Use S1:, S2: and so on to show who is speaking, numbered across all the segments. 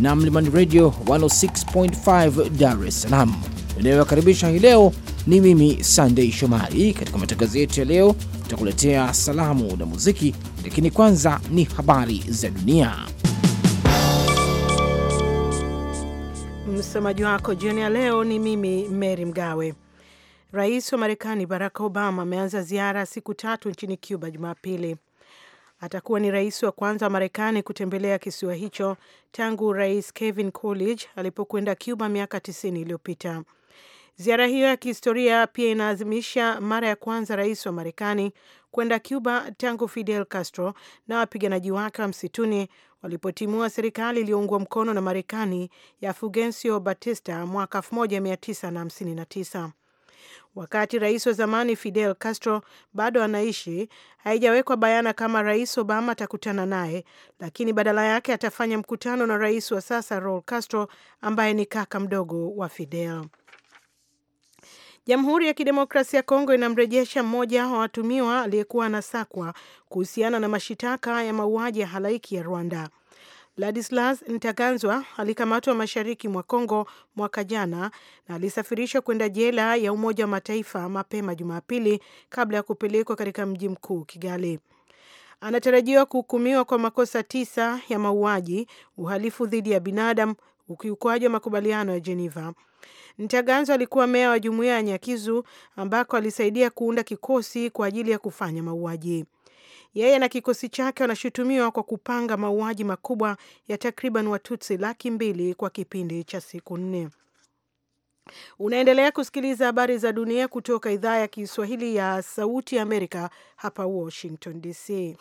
S1: na Mlimani Radio 106.5 Dar es Salaam inayowakaribisha hii leo. Ni mimi Sandei Shomari. Katika matangazo yetu ya leo, tutakuletea salamu na muziki, lakini kwanza ni habari za dunia.
S2: Msomaji wako jioni ya leo ni mimi Mary Mgawe. Rais wa Marekani Barack Obama ameanza ziara siku tatu nchini Cuba Jumapili atakuwa ni rais wa kwanza wa Marekani kutembelea kisiwa hicho tangu Rais Kevin Coolidge alipokwenda Cuba miaka 90 iliyopita. Ziara hiyo ya kihistoria pia inaadhimisha mara ya kwanza rais wa Marekani kwenda Cuba tangu Fidel Castro na wapiganaji wake wa msituni walipotimua serikali iliyoungwa mkono na Marekani ya fugensio Batista mwaka 1959. Wakati rais wa zamani Fidel Castro bado anaishi, haijawekwa bayana kama Rais Obama atakutana naye, lakini badala yake atafanya mkutano na rais wa sasa Raul Castro ambaye ni kaka mdogo wa Fidel. Jamhuri ya Kidemokrasia ya Kongo inamrejesha mmoja wa watumiwa aliyekuwa anasakwa kuhusiana na mashitaka ya mauaji ya halaiki ya Rwanda. Ladislas Ntaganzwa alikamatwa mashariki mwa Kongo mwaka jana na alisafirishwa kwenda jela ya Umoja wa Mataifa mapema Jumapili kabla ya kupelekwa katika mji mkuu Kigali. Anatarajiwa kuhukumiwa kwa makosa tisa ya mauaji, uhalifu dhidi ya binadamu, ukiukwaji wa makubaliano ya Geneva. Ntaganzwa alikuwa meya wa jumuiya ya Nyakizu ambako alisaidia kuunda kikosi kwa ajili ya kufanya mauaji. Yeye na kikosi chake wanashutumiwa kwa kupanga mauaji makubwa ya takriban Watutsi laki mbili kwa kipindi cha siku nne. Unaendelea kusikiliza habari za dunia kutoka idhaa ya Kiswahili ya Sauti Amerika hapa Washington DC.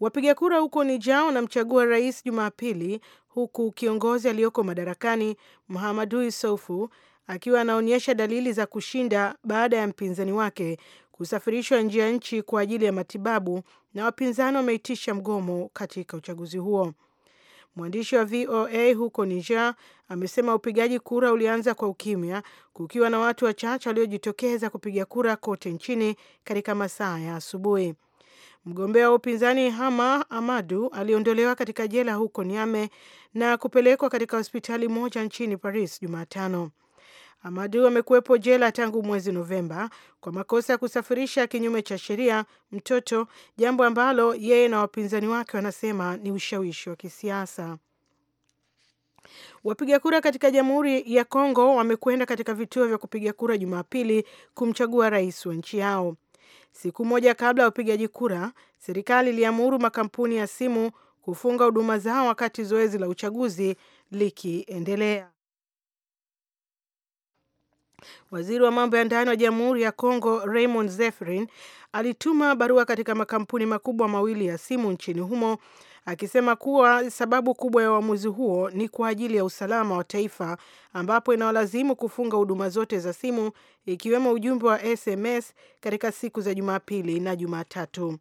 S2: Wapiga kura huko Niger wanamchagua rais Jumapili, huku kiongozi aliyoko madarakani Muhammadu Yusufu akiwa anaonyesha dalili za kushinda baada ya mpinzani wake kusafirishwa nje ya nchi kwa ajili ya matibabu, na wapinzani wameitisha mgomo katika uchaguzi huo. Mwandishi wa VOA huko Niger amesema upigaji kura ulianza kwa ukimya, kukiwa na watu wachache waliojitokeza kupiga kura kote nchini katika masaa ya asubuhi. Mgombea wa upinzani Hama Amadu aliondolewa katika jela huko Niame na kupelekwa katika hospitali moja nchini Paris Jumatano. Amadu amekuwepo jela tangu mwezi Novemba kwa makosa ya kusafirisha kinyume cha sheria mtoto, jambo ambalo yeye na wapinzani wake wanasema ni ushawishi wa kisiasa. Wapiga kura katika Jamhuri ya Kongo wamekwenda katika vituo vya kupiga kura Jumapili kumchagua rais wa nchi yao. Siku moja kabla ya upigaji kura, serikali iliamuru makampuni ya simu kufunga huduma zao wakati zoezi la uchaguzi likiendelea. Waziri wa mambo ya ndani wa Jamhuri ya Kongo Raymond Zefrin alituma barua katika makampuni makubwa mawili ya simu nchini humo akisema kuwa sababu kubwa ya uamuzi huo ni kwa ajili ya usalama wa taifa, ambapo inawalazimu kufunga huduma zote za simu ikiwemo ujumbe wa SMS katika siku za Jumapili na Jumatatu.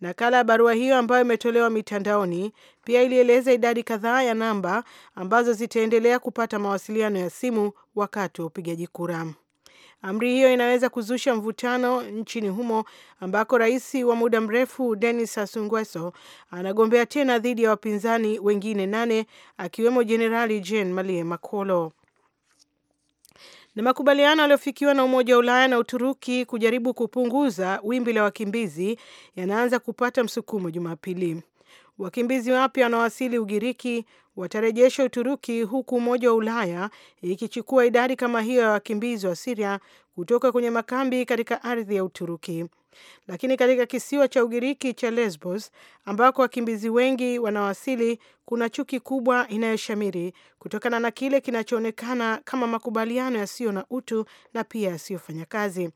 S2: Nakala ya barua hiyo ambayo imetolewa mitandaoni pia ilieleza idadi kadhaa ya namba ambazo zitaendelea kupata mawasiliano ya simu wakati wa upigaji kura. Amri hiyo inaweza kuzusha mvutano nchini humo ambako rais wa muda mrefu Denis Sassou Nguesso anagombea tena dhidi ya wapinzani wengine nane akiwemo Jenerali Jean Malie Makolo na makubaliano yaliyofikiwa na Umoja wa Ulaya na Uturuki kujaribu kupunguza wimbi la wakimbizi yanaanza kupata msukumo Jumapili. Wakimbizi wapya wanaowasili Ugiriki watarejesha Uturuki, huku Umoja wa Ulaya ikichukua idadi kama hiyo ya wakimbizi wa Siria kutoka kwenye makambi katika ardhi ya Uturuki. Lakini katika kisiwa cha Ugiriki cha Lesbos, ambako wakimbizi wengi wanawasili, kuna chuki kubwa inayoshamiri kutokana na kile kinachoonekana kama makubaliano yasiyo na utu na pia yasiyofanya kazi.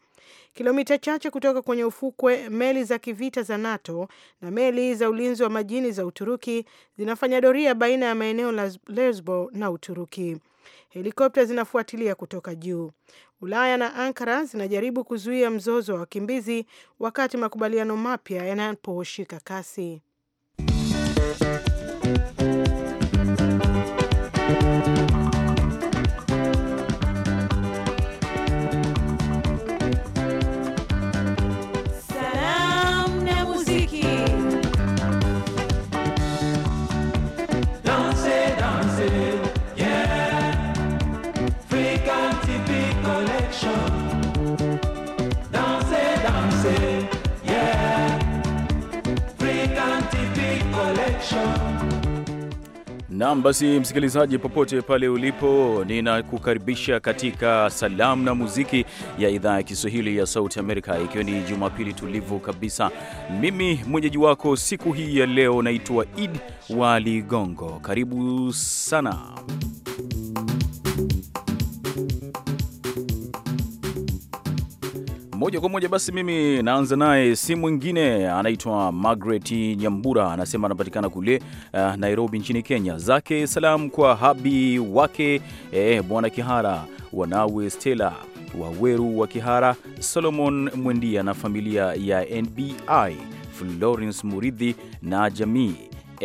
S2: Kilomita chache kutoka kwenye ufukwe, meli za kivita za NATO na meli za ulinzi wa majini za Uturuki zinafanya doria baina ya maeneo la Lesbo na Uturuki. Helikopta zinafuatilia kutoka juu. Ulaya na Ankara zinajaribu kuzuia mzozo wa wakimbizi wakati makubaliano mapya yanaposhika kasi.
S3: Naam, basi msikilizaji, popote pale ulipo, ninakukaribisha katika salamu na muziki ya idhaa ya Kiswahili ya Sauti Amerika, ikiwa ni Jumapili tulivu kabisa. Mimi mwenyeji wako siku hii ya leo naitwa Id wa Ligongo. Karibu sana. Moja kwa moja basi mimi naanza naye, si mwingine anaitwa Margaret Nyambura, anasema anapatikana kule uh, Nairobi nchini Kenya. Zake salam kwa habi wake eh, bwana Kihara, wanawe Stella Waweru wa Kihara, Solomon Mwendia na familia ya NBI, Florence Muridhi na jamii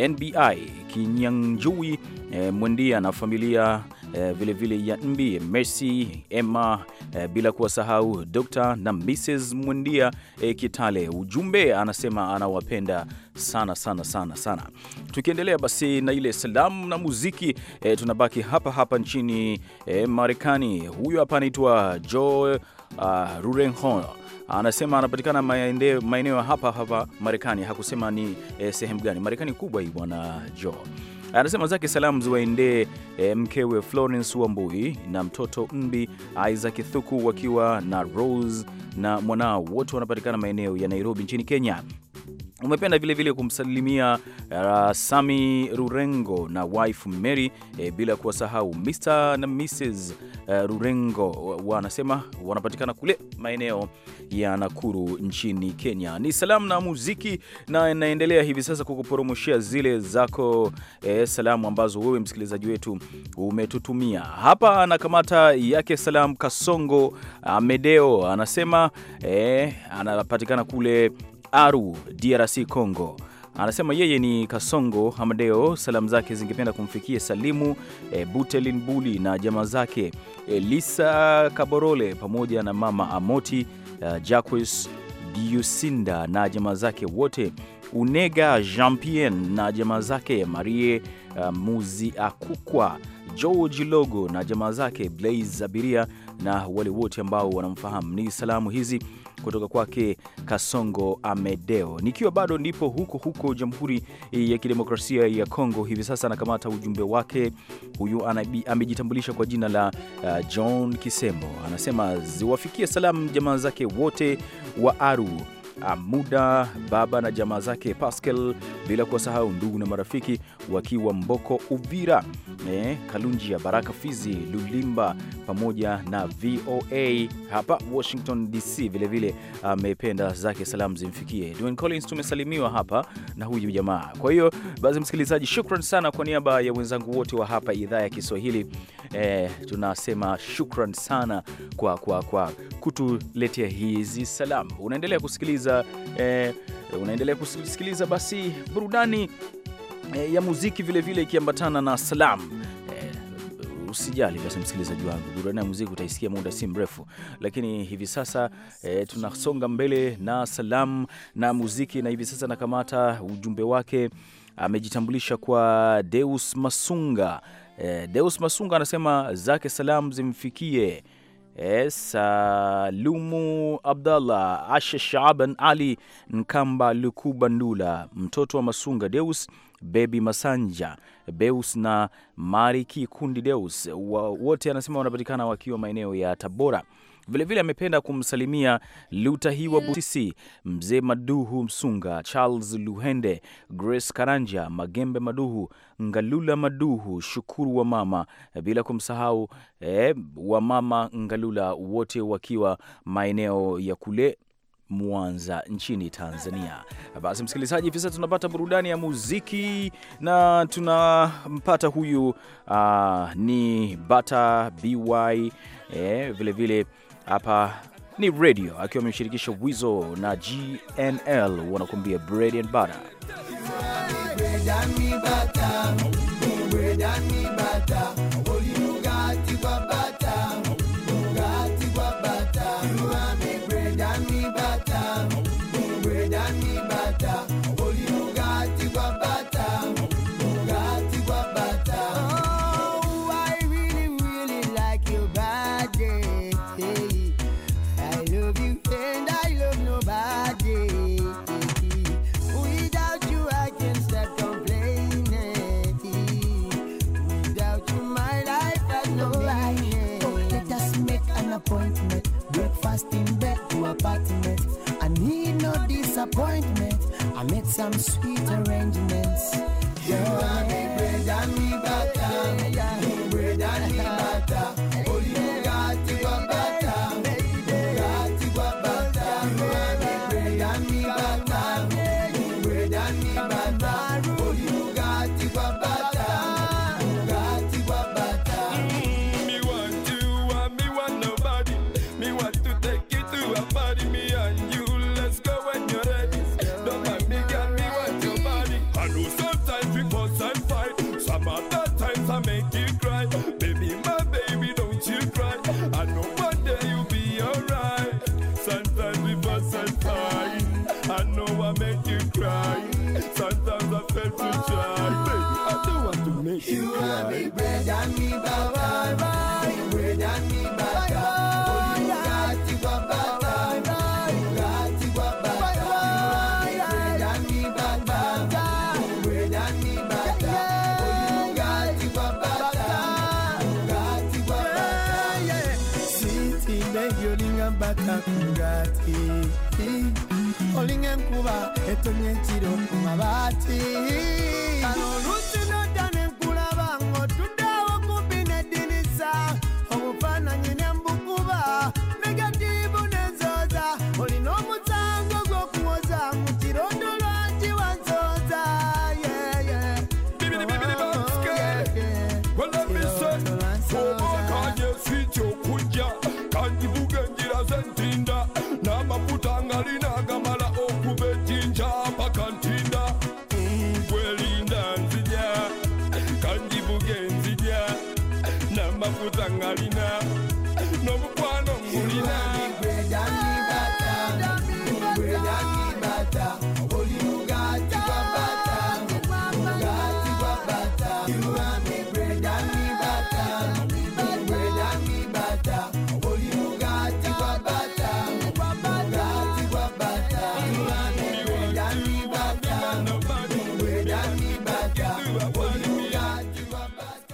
S3: NBI Kinyanjui, eh, Mwendia na familia vilevile eh, vile Mbi, Mercy Emma, eh, bila kuwasahau Dr. na Mrs. Mwendia eh, Kitale. Ujumbe anasema anawapenda sana sana sana sana. Tukiendelea basi na ile salamu na muziki e, tunabaki hapa hapa nchini e, Marekani. Huyu hapa anaitwa Joe uh, Rurenho anasema anapatikana maeneo hapa hapa Marekani. Hakusema ni e, sehemu gani Marekani kubwa hii bwana Joe Eh, anasema zake salamu ziwaendee eh, mkewe Florence Wambui na mtoto Mbi Isaac Thuku wakiwa na Rose na mwanao, wote wanapatikana maeneo ya Nairobi nchini Kenya. Umependa vile vile kumsalimia uh, Sami Rurengo na wife Mary eh, bila kuwasahau Mr na Mrs uh, Rurengo wanasema wanapatikana kule maeneo ya Nakuru nchini Kenya. Ni salamu na muziki, na naendelea hivi sasa kukuporomoshia zile zako eh, salamu ambazo wewe msikilizaji wetu umetutumia hapa. Anakamata yake salamu Kasongo Amedeo anasema eh, anapatikana kule Aru, DRC Congo. Anasema yeye ni Kasongo Hamadeo. Salamu zake zingependa kumfikia Salimu e, Butelin Buli na jamaa zake Elisa eh, Kaborole pamoja na mama Amoti uh, Jacques Diusinda na jamaa zake wote, Unega Jean Pierre na jamaa zake Marie uh, Muzi Akukwa George Logo na jamaa zake Blaze Abiria na wale wote ambao wanamfahamu. Ni salamu hizi kutoka kwake Kasongo Amedeo. Nikiwa bado ndipo huko huko Jamhuri ya Kidemokrasia ya Kongo, hivi sasa anakamata ujumbe wake. Huyu amejitambulisha kwa jina la uh, John Kisembo, anasema ziwafikie salamu jamaa zake wote wa Aru Ah, muda Baba na jamaa zake Pascal, bila kuwasahau ndugu na marafiki wakiwa Mboko, Uvira, eh, Kalunjia, Baraka, Fizi, Lulimba, pamoja na VOA hapa Washington DC. Vilevile ah, amependa uh, zake salamu zimfikie Dwayne Collins. Tumesalimiwa hapa na huyu jamaa. Kwa hiyo basi, msikilizaji, shukran sana kwa niaba ya wenzangu wote wa hapa idhaa ya Kiswahili eh, tunasema shukran sana kwa, kwa, kwa kutuletea hizi salamu. Unaendelea kusikiliza kusikiliza eh, unaendelea kusikiliza basi burudani eh, ya muziki vilevile ikiambatana na salam eh, Usijali basi msikilizaji wangu, burudani ya muziki utaisikia muda si mrefu, lakini hivi sasa e, tunasonga mbele na salam na muziki, na hivi sasa nakamata ujumbe wake. Amejitambulisha kwa Deus Masunga. E, Deus Masunga anasema zake salam zimfikie Salumu uh, Abdallah Asha Shaaban Ali Nkamba Lukuba Ndula mtoto wa Masunga Deus Bebi Masanja Beus na Mariki Kundi Deus wote anasema wanapatikana wakiwa maeneo ya Tabora. Vilevile amependa kumsalimia Lutahiwa Busisi, Mzee Maduhu Msunga, Charles Luhende, Grace Karanja, Magembe Maduhu, Ngalula Maduhu, Shukuru wa mama, bila kumsahau eh, wa mama Ngalula, wote wakiwa maeneo ya kule Mwanza nchini Tanzania. Basi msikilizaji, hivi sasa tunapata burudani ya muziki na tunampata huyu uh, ni Bata By eh, vilevile hapa ni radio akiwa amemshirikisha Wizo na GNL wanakuambia bread and butter.
S4: Samsung. kuba yatumye kiro ku mabati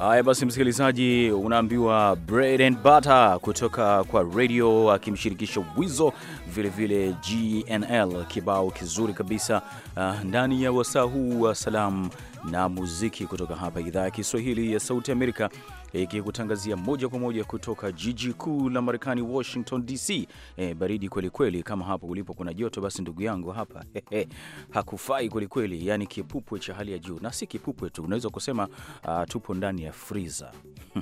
S3: Haya basi, msikilizaji, unaambiwa bread and butter kutoka kwa radio akimshirikisha Wizo, vilevile GNL, kibao kizuri kabisa uh, ndani ya wasaa huu wa salamu na muziki kutoka hapa idhaa ya Kiswahili ya Sauti Amerika ikikutangazia moja kwa moja kutoka jiji kuu la Marekani, Washington DC. E, baridi kwelikweli Kama hapo ulipo kuna joto, basi ndugu yangu hapa hakufai kwelikweli, yani kipupwe cha hali ya juu, na si kipupwe tu, unaweza kusema uh, tupo ndani ya friza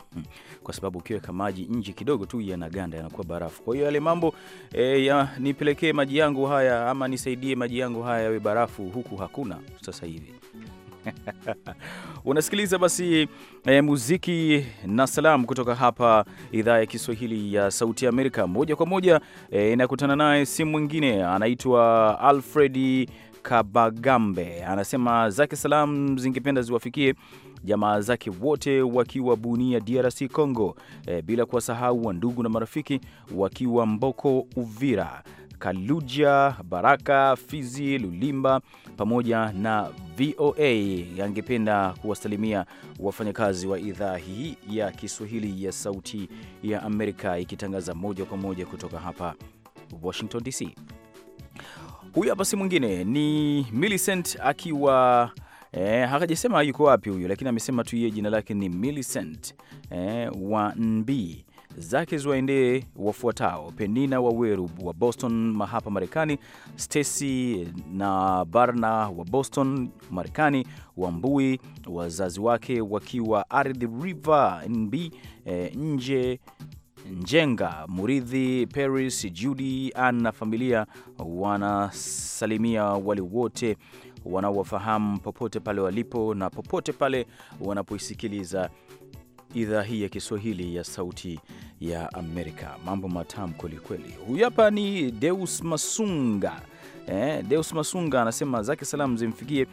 S3: kwa sababu ukiweka maji nje kidogo tu yanaganda, yanakuwa barafu. Kwa hiyo yale mambo e, ya, nipelekee maji yangu haya ama nisaidie maji yangu haya yawe barafu, huku hakuna sasa hivi. Unasikiliza basi e, muziki na salamu kutoka hapa idhaa ya Kiswahili ya Sauti ya Amerika moja kwa moja. E, eh, inakutana naye si mwingine anaitwa Alfredi Kabagambe, anasema zake salamu zingependa ziwafikie jamaa zake wote wakiwa Bunia, DRC Congo, e, bila kuwasahau wa ndugu na marafiki wakiwa Mboko, Uvira, Kaluja, Baraka, Fizi, Lulimba pamoja na VOA. yangependa kuwasalimia wafanyakazi wa idhaa hii ya Kiswahili ya Sauti ya Amerika ikitangaza moja kwa moja kutoka hapa Washington DC. Huyu hapa si mwingine ni Millicent akiwa Eh, hakajasema yuko wapi huyu lakini amesema tu yeye jina lake ni Millicent eh, wa NB zake ziwaendee wafuatao: Penina Waweru wa Boston hapa Marekani, Stacy na Barna wa Boston Marekani, Wambui wazazi wake wakiwa Ardhi River NB, e, eh, nje Njenga Muridhi, Paris, Judy Ann na familia wanasalimia wale wote wanaowafahamu popote pale walipo na popote pale wanapoisikiliza idhaa hii ya Kiswahili ya Sauti ya Amerika. Mambo matamu kwelikweli. Huyu hapa ni Deus Masunga. Eh, Deus Masunga anasema zake salamu zimfikie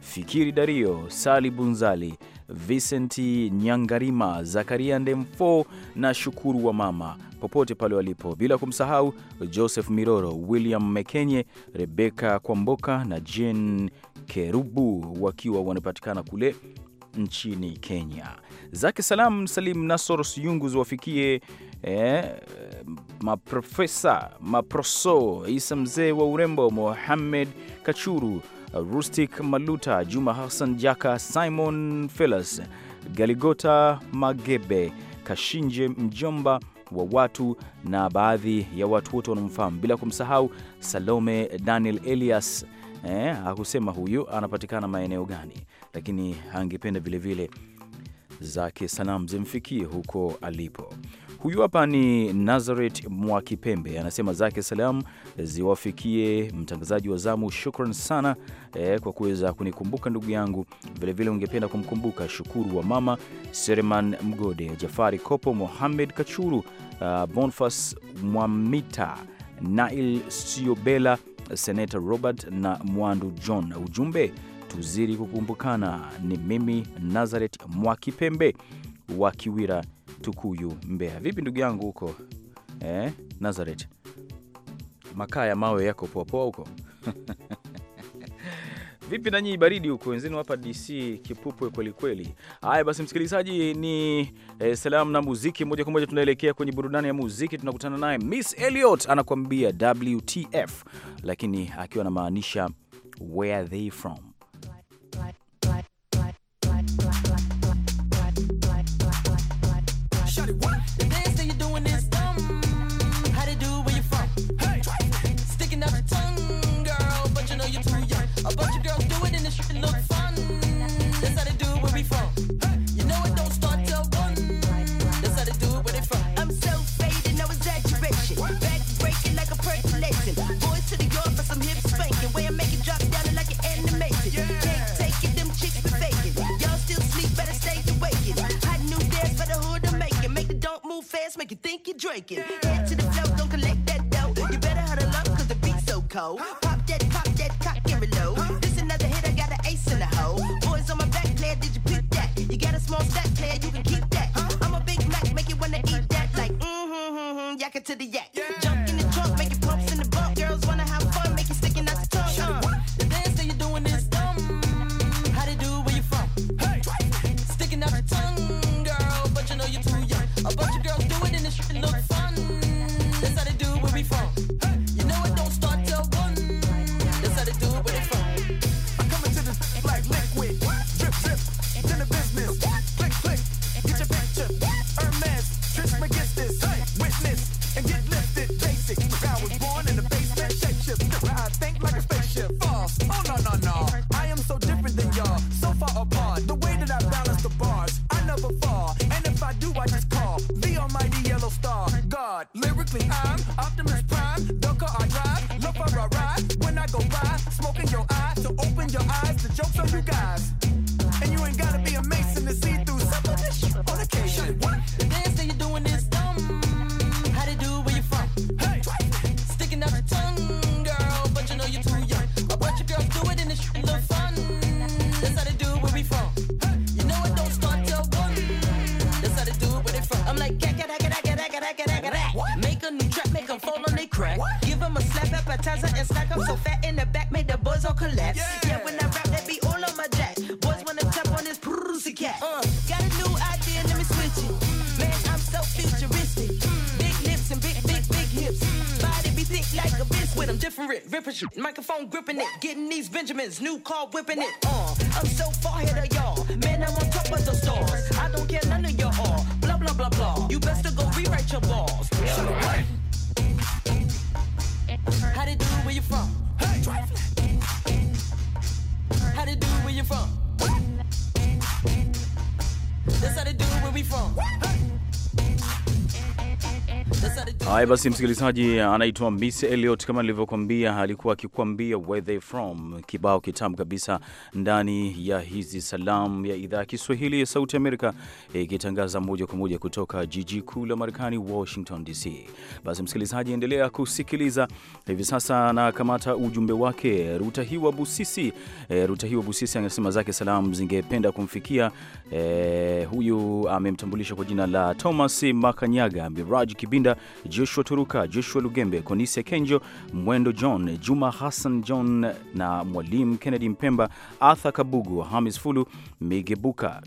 S3: Fikiri Dario, Sali Bunzali, Vicenti Nyangarima, Zakaria Ndemfo na Shukuru wa mama popote pale walipo, bila kumsahau Joseph Miroro, William Mekenye, Rebeka Kwamboka na Jen Kerubu wakiwa wanapatikana kule nchini Kenya. Zake salam Salim Nasor Suyungu ziwafikie eh, maprofesa maproso Isa mzee wa urembo, Mohamed Kachuru, Rustic Maluta, Juma Hassan Jaka, Simon Felas, Galigota Magebe, Kashinje mjomba wa watu na baadhi ya watu wote wanaomfahamu, bila kumsahau Salome Daniel Elias eh, akusema huyu anapatikana maeneo gani, lakini angependa vilevile zake salamu zimfikie huko alipo. Huyu hapa ni Nazaret Mwakipembe, anasema zake salamu ziwafikie mtangazaji wa zamu. Shukran sana eh, kwa kuweza kunikumbuka ndugu yangu. Vilevile ungependa kumkumbuka Shukuru wa mama Sereman Mgode, Jafari Kopo, Mohamed Kachuru, uh, Bonfas Mwamita, Nail Siobela senata Robert na Mwandu John. Ujumbe, tuzidi kukumbukana. Ni mimi nazaret Mwakipembe wa Kiwira, Tukuyu, Mbeya. Vipi ndugu yangu huko eh, Nazaret? Makaa ya mawe yako poapoa huko Vipi nanyi baridi huko wenzenu hapa DC kipupwe kwelikweli. Haya basi, msikilizaji, ni eh, salamu na muziki. Moja kwa moja tunaelekea kwenye burudani ya muziki, tunakutana naye Miss Elliot anakuambia WTF, lakini akiwa anamaanisha where they from.
S5: fast, make you think you're drinking. Head to the flow, don't collect that dough. You better huddle up, cause the beat's so cold. Pop that, pop that, cock it low. This another hit, I got an ace in the hole. Boys on my back, player, did you pick that? You got a small stack, player, you can keep that. I'm a Big Mac, make you wanna eat that. Like, mm-hmm, mm-hmm, yak it to the never fall. left. Yeah, yeah when I rap, that be all on my jack. Boys wanna jump on this pussy cat. Uh. Got a new idea, let me switch it. Man, I'm so futuristic. Big lips and big, big, big hips. Body be thick like a bitch with them. Different, ripping shit. Microphone gripping it. Getting these Benjamins. New car whipping it. Uh, I'm so far ahead of y'all. Man, I'm on top of the stars. I don't care none of y'all. Blah, blah, blah, blah. You best to go rewrite your balls. So what? How they do? Where you from? Hey how they do it. where you from. That's how they do it. where we from. Hey.
S3: Haya basi, msikilizaji, anaitwa Miss Elliot kama nilivyokuambia, alikuwa akikuambia where they from, kibao kitamu kabisa ndani ya hizi salamu ya idhaa ya Kiswahili ya Sauti Amerika ikitangaza e, moja kwa moja kutoka jiji kuu la Marekani, Washington DC. Basi msikilizaji, endelea kusikiliza hivi sasa na kamata ujumbe wake Rutahiwa Busisi. E, Rutahiwa Busisi anasema zake salamu zingependa kumfikia E, huyu amemtambulisha kwa jina la Thomas Makanyaga, Miraj Kibinda, Joshua Turuka, Joshua Lugembe, Konisia Kenjo, Mwendo John, Juma Hassan John na Mwalimu Kennedy Mpemba, Arthur Kabugu, Hamis Fulu, Migebuka.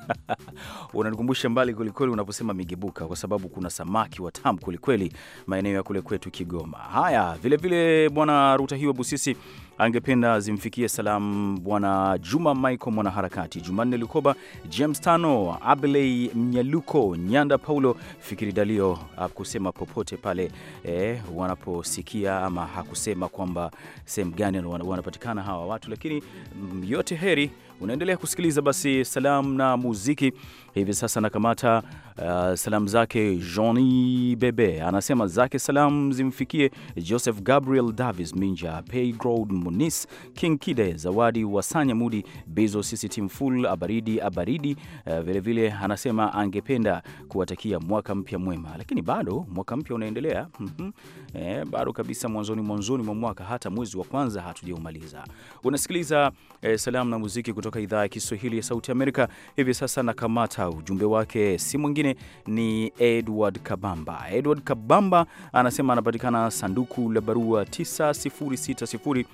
S3: Unanikumbusha mbali kwelikweli unaposema Migebuka, kwa sababu kuna samaki watamu kwelikweli maeneo ya kule kwetu Kigoma. Haya, vilevile Bwana ruta hiwa Busisi angependa zimfikie salamu Bwana Juma Michael mwanaharakati, Jumanne Lukoba, James Tano, Abley Mnyaluko, Nyanda Paulo, Fikiri Dalio akusema popote pale eh, wanaposikia ama hakusema kwamba sehemu gani wanapatikana hawa watu, lakini mm, yote heri. Unaendelea kusikiliza basi salamu na muziki hivi sasa, nakamata uh, salamu zake Johnny Bebe anasema zake salamu zimfikie Joseph Gabriel Davis Minja, Paygrod Munis, King Kide, Zawadi Wasanya, Mudi Bezo, Sisitim Full, Abaridi Abaridi. Vilevile eh, uh, vile, anasema angependa kuwatakia mwaka mpya mwema, lakini bado mwaka mpya unaendelea mhm. eh, bado kabisa mwanzoni mwanzoni mwa mwaka, hata mwezi wa kwanza hatujaumaliza. Unasikiliza eh, salamu na muziki kutoka idhaa ya Kiswahili ya Sauti Amerika hivi sasa. Nakamata ujumbe wake si mwingine mwingine ni Edward Kabamba. Edward Kabamba anasema anapatikana sanduku la barua 9060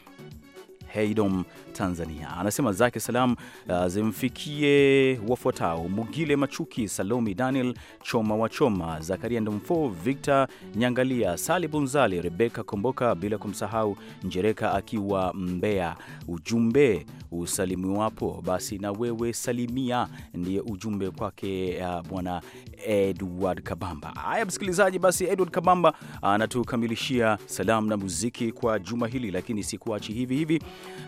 S3: Heydom Tanzania, anasema zake salam uh, zimfikie wafuatao: Mugile Machuki, Salomi Daniel, Choma wa Choma, Zakaria Ndomfo, Victor Nyangalia, Sali Bunzali, Rebeka Komboka, bila kumsahau Njereka akiwa Mbeya. Ujumbe usalimiwapo basi na wewe salimia, ndiye ujumbe kwake uh, bwana Edward Kabamba. Haya msikilizaji, basi Edward Kabamba uh, anatukamilishia salamu na muziki kwa juma hili, lakini sikuachi hivi hivi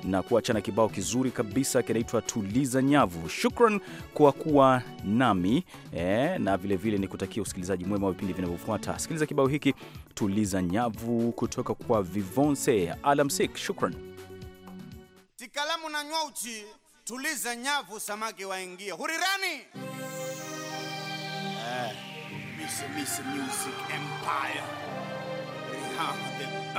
S3: na kuachana kibao kizuri kabisa kinaitwa Tuliza Nyavu. Shukran kwa kuwa nami e, na vilevile ni kutakia usikilizaji mwema wa vipindi vinavyofuata. Sikiliza kibao hiki Tuliza Nyavu kutoka kwa Vivonse. Alamsik, shukran.
S6: Tikalamu na nywauchi. tuliza nyavu, samaki waingie hurirani. Eh, Mr. Mr. Music Empire. the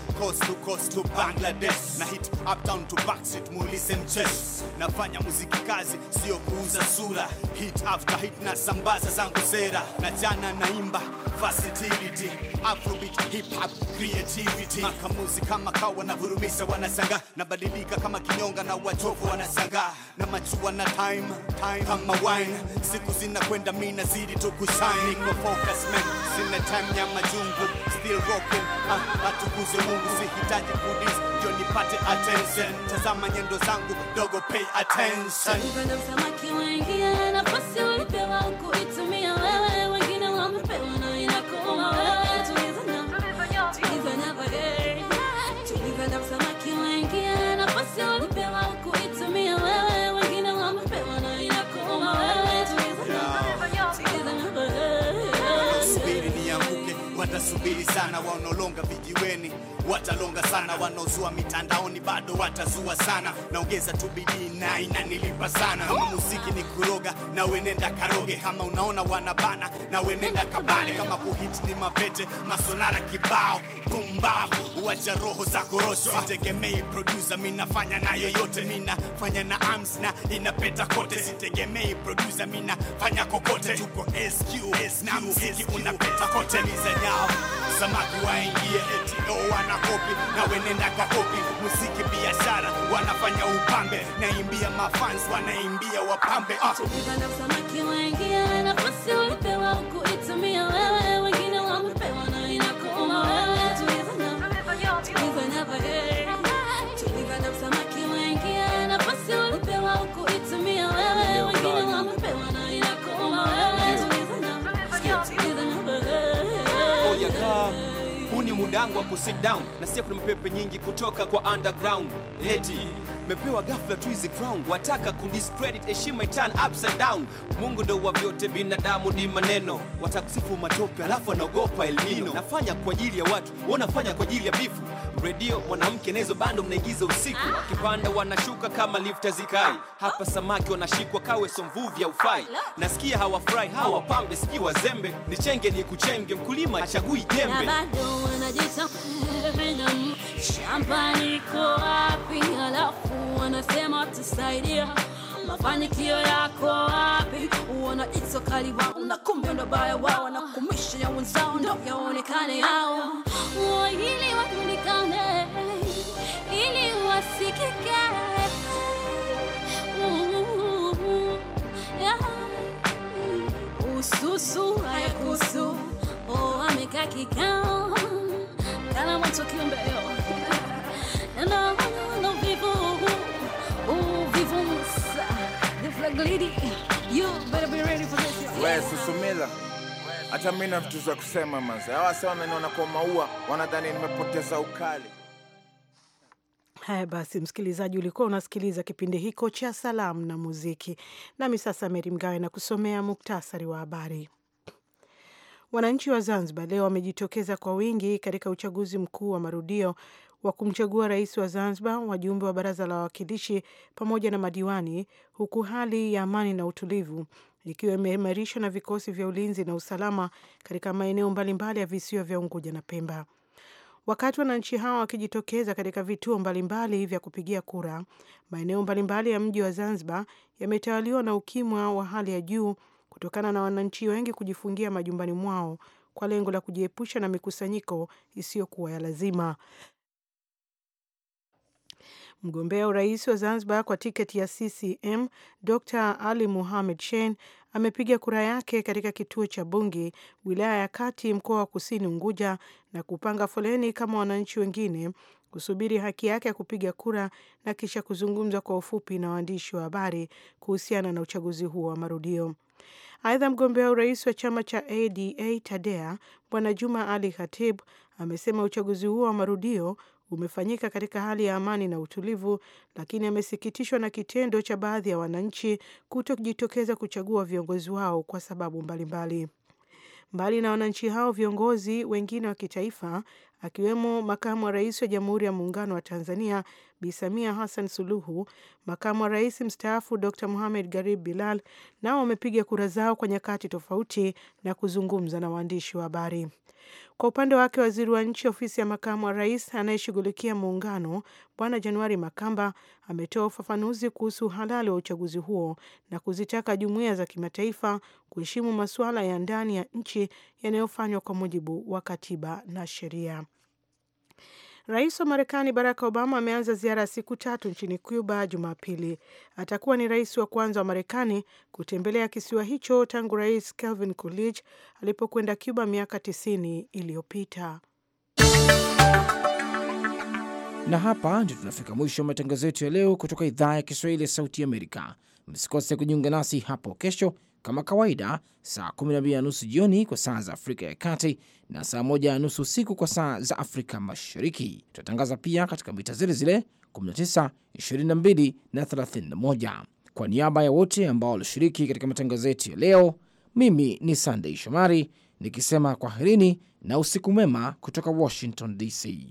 S6: coast to coast to Bangladesh na hit up to backseat muulize mchezo nafanya muziki kazi sio kuuza sura hit after hit na sambaza zangu sera na jana naimba versatility afrobeat hip hop creativity makamuzi kama kawa na vurumisha wanasanga nabadilika kama kinyonga na watovu wanasanga na machua na time, time kama wine siku zinakwenda mi nazidi tu kushine niko focus man sina time ya majungu still rocking uh, ah, atukuze mungu sihitaji goodies ndio nipate attention. Tazama nyendo zangu dogo, pay attention. Uga
S7: na msamaki waingia
S6: wamesubiri sana, wanaolonga vijiweni watalonga sana, wanaozua mitandaoni bado watazua sana. Naongeza tu bidii na inanilipa sana. muziki ni kuroga, na wenenda karoge. Kama unaona wanabana, na wenenda kabale. Kama kuhit ni mapete, masonara kibao, pumbavu, wacha roho za korosho. Sitegemei produsa minafanya na yoyote, mi fanya na ams na inapeta kote. Sitegemei produsa mi kokote, tuko SQ na muziki unapeta kote mizanyao samaki waingie eto oh, wana wanakopi na wenenda kwa kopi muziki biashara wanafanya upambe naimbia mafans wanaimbia wapambe uh. yangu wa kusit down na sio kuna mapepe nyingi kutoka kwa underground leti Mepewa ghafla tu hizi crown, wataka kudiscredit heshima itan upside down. Mungu ndo wa vyote, binadamu ni maneno. Watakusifu matope, alafu anaogopa elmino. Nafanya kwa ajili ya watu, wanafanya kwa ajili ya bifu. Redio mwanamke nazo bando mnaigiza usiku, kipanda wanashuka kama lifta zikai. Hapa samaki wanashikwa kawe, so mvuvi haufai. Nasikia hawafurahi hawa pambe, sijui wazembe. Nichenge ni kuchenge, mkulima achagui jembe
S7: shamba liko wapi? Halafu wanasema tusaidia mafanikio yako wapi? Uona it's kali wao na kumbe ndo baya wao na kumisha ya wenzao ndo yaonekane yao ili wajulikane ili wasikike ususu hayakusu kikao kana moto kiumbeo Oh,
S1: Hata mimi na vitu za kusema manze. Hawa sasa wananiona kwa maua, wanadhani nimepoteza ukali.
S2: Haya basi, msikilizaji, ulikuwa unasikiliza kipindi hiko cha salamu na muziki, nami sasa Meri Mgawe na kusomea muktasari wa habari. Wananchi wa Zanzibar leo wamejitokeza kwa wingi katika uchaguzi mkuu wa marudio wa kumchagua rais wa Zanzibar, wajumbe wa baraza la wawakilishi pamoja na madiwani, huku hali ya amani na utulivu ikiwa imeimarishwa na vikosi vya ulinzi na usalama katika maeneo mbalimbali ya visiwa vya Unguja na Pemba. Wakati wananchi hawa wakijitokeza katika vituo mbalimbali vya kupigia kura, maeneo mbalimbali ya mji wa Zanzibar yametawaliwa na ukimwa wa hali ya juu kutokana na wananchi wengi kujifungia majumbani mwao kwa lengo la kujiepusha na mikusanyiko isiyokuwa ya lazima. Mgombea urais wa Zanzibar kwa tiketi ya CCM Dr Ali muhamed Shein amepiga kura yake katika kituo cha Bunge, wilaya ya Kati, mkoa wa Kusini Unguja, na kupanga foleni kama wananchi wengine kusubiri haki yake ya kupiga kura na kisha kuzungumza kwa ufupi na waandishi wa habari kuhusiana na uchaguzi huo wa marudio. Aidha, mgombea urais wa chama cha ADA TADEA Bwana Juma Ali Khatib amesema uchaguzi huo wa marudio umefanyika katika hali ya amani na utulivu, lakini amesikitishwa na kitendo cha baadhi ya wananchi kutojitokeza kuchagua viongozi wao kwa sababu mbalimbali mbali. Mbali na wananchi hao, viongozi wengine wa kitaifa akiwemo makamu wa rais wa Jamhuri ya Muungano wa Tanzania Bi Samia Hassan Suluhu, makamu wa rais mstaafu Dr muhamed Garib Bilal nao wamepiga kura zao kwa nyakati tofauti na kuzungumza na waandishi wa habari. Kwa upande wake, waziri wa nchi ofisi ya makamu wa rais anayeshughulikia muungano Bwana Januari Makamba ametoa ufafanuzi kuhusu uhalali wa uchaguzi huo na kuzitaka jumuiya za kimataifa kuheshimu masuala ya ndani ya nchi yanayofanywa kwa mujibu wa katiba na sheria. Rais wa Marekani Barack Obama ameanza ziara ya siku tatu nchini Cuba Jumapili. Atakuwa ni rais wa kwanza wa Marekani kutembelea kisiwa hicho tangu Rais Calvin Coolidge alipokwenda Cuba miaka 90 iliyopita.
S1: Na hapa ndio tunafika mwisho wa matangazo yetu ya leo kutoka idhaa ya Kiswahili ya Sauti Amerika. Msikose kujiunga nasi hapo kesho kama kawaida, saa 12 na nusu jioni kwa saa za Afrika ya Kati na saa moja na nusu usiku kwa saa za Afrika Mashariki. tunatangaza pia katika mita zile zile 19, 22 na 31. Kwa niaba ya wote ambao walishiriki katika matangazo yetu ya leo, mimi ni Sandei Shomari nikisema kwaherini na usiku mwema kutoka Washington DC.